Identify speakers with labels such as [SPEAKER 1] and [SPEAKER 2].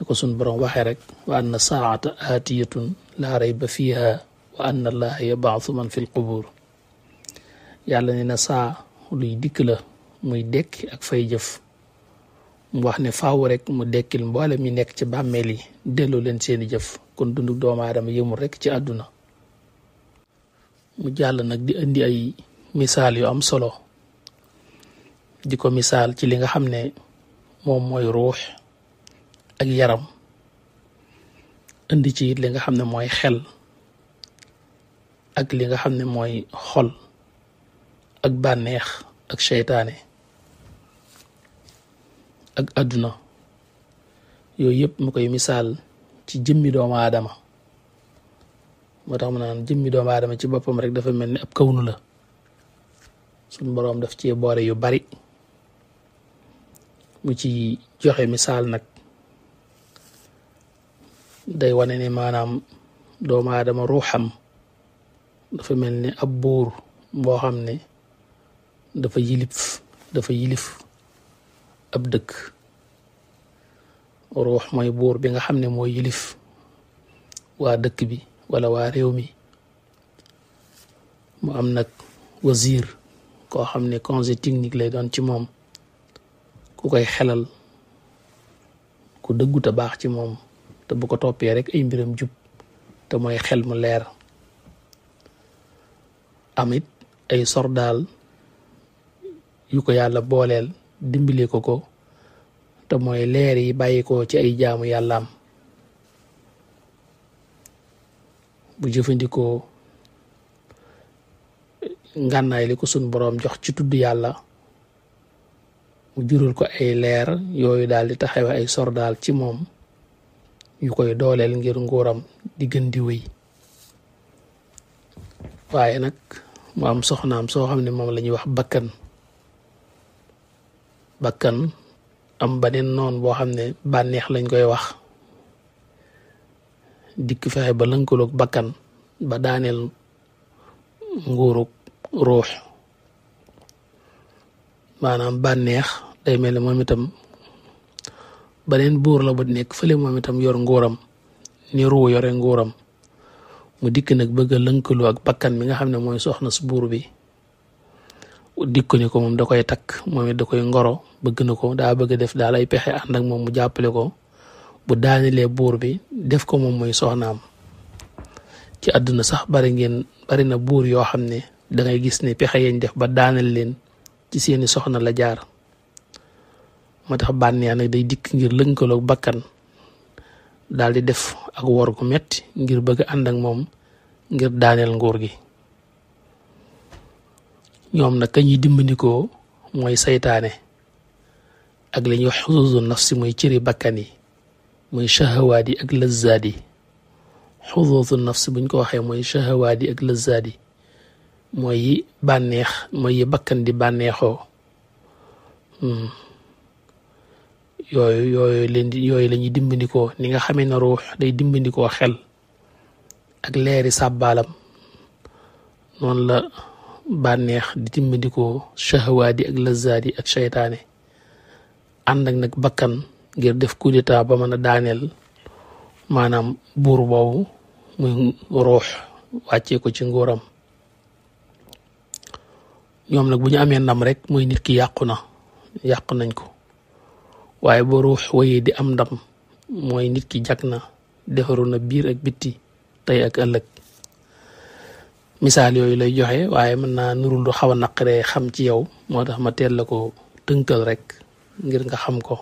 [SPEAKER 1] ni ko suñ borom waxee rek wa anna saata aatiyatun laa rayba fiiha wa anna allaha yabaasu man fi lqubuur yàlla ne na saa luy dikk la muy dekki ak fay jëf mu wax ne faaw rek mu dekkil mboole mi nekk ci bàmmeel yi delloo leen seeni jëf kon dundu doomu aadama yëmul rek ci àdduna mu jàll nag di indi ay misaal yu am solo di ko misaal ci li nga xam ne moom mooy ruux ak yaram indi ci li nga xamne moy xel ak li nga xamne moy xol ak banex ak shaytané ak aduna yoy yep mu koy misaal ci jëmmi doomu aadama moo tax mu naan jëmmi doomu adama ci bopam rek dafa melni ab kawnu la sun borom daf ci boré yu bari mu ci joxe misal nak day wane ne maanaam doomu aadama ruuxam dafa mel ni ab buur boo xam ne dafa yilif dafa yilif ab dëkk ruux mooy buur bi nga xam ne mooy yilif waa dëkk bi wala waa réew mi mu am nag wazir koo xam ne conseil technique lay doon ci moom ku koy xelal ku dëggu te baax ci moom te bu ko toppee rek ay mbiram jub te mooy xel mu leer amit ay sordaal yu ko yàlla booleel dimbali ko ko te mooy leer yi bàyyi ko ci ay jaamu am bu jëfandikoo ngànnaay li ko sun borom jox ci tudd yàlla mu jural ko ay leer yooyu daal di taxawe ay sordaal ci moom yu koy dooleel ngir nguuram di gën waaye nag mu am soxnaam soo xam ne moom lañuy wax bakkan bakkan am beneen noon boo xam ne bànneex lañ koy wax dikk fexe ba lënkaloog bakkan ba daaneel nguurug ruux maanaam bànneex day mel ne moom itam beneen buur la bu nekk fële moom itam yor nguuram ni ruu yore nguuram mu dikk nag bëgg lënkaloo ak bakkan mi nga xam ne mooy soxna su buur bi dikk ni ko moom da koy takk moom it koy ngoro bëgg na ko daa bëgg def daal ay pexe ànd moom mu jàppale ko bu daanilee buur bi def ko moom mooy am ci àdduna sax bari ngeen bari na buur yoo xam ne dangay gis ne pexe yañ def ba daanal leen ci seeni soxna la jaar moo tax bànneex nag day dikk ngir lënkaloog bakkan daal di def ak wor gu metti ngir bëgg ànd moom ngir daaneel nguur gi ñoom nag ka ñuy dimbandikoo mooy seytaane ak li ñuy wax xusuusu nafsi mooy cëri bakkan yi muy shahawaat ak lëzzaat yi buñ ko waxee mooy shahawaat yi ak lëzzaat yi mooy yi mooy bakkan di bànneexoo hmm. yooyu yooyu leen di yooyu la dimbandikoo ni nga xamee ne ruux day dimbandikoo xel ak leeri sàbbaalam noonu la bànneex di dimbandikoo shahawaat ak lazaat yi ak seytaane ànd ak nag bakkan ngir def coup d'état ba mën a daaneel maanaam buur boobu muy ruux wàccee ko ci nguuram ñoom nag bu ñu amee ndam rek mooy nit ki yàqu na yàqu nañ ko waaye bu ruux wéyee di am ndam mooy nit ki jag na defaru na biir ak bitti tey ak ëllëg misaal yooyu lay joxe waaye mën naa nurul lu xaw a naqaree xam ci yow moo tax ma teel la ko tënkal rek ngir nga xam ko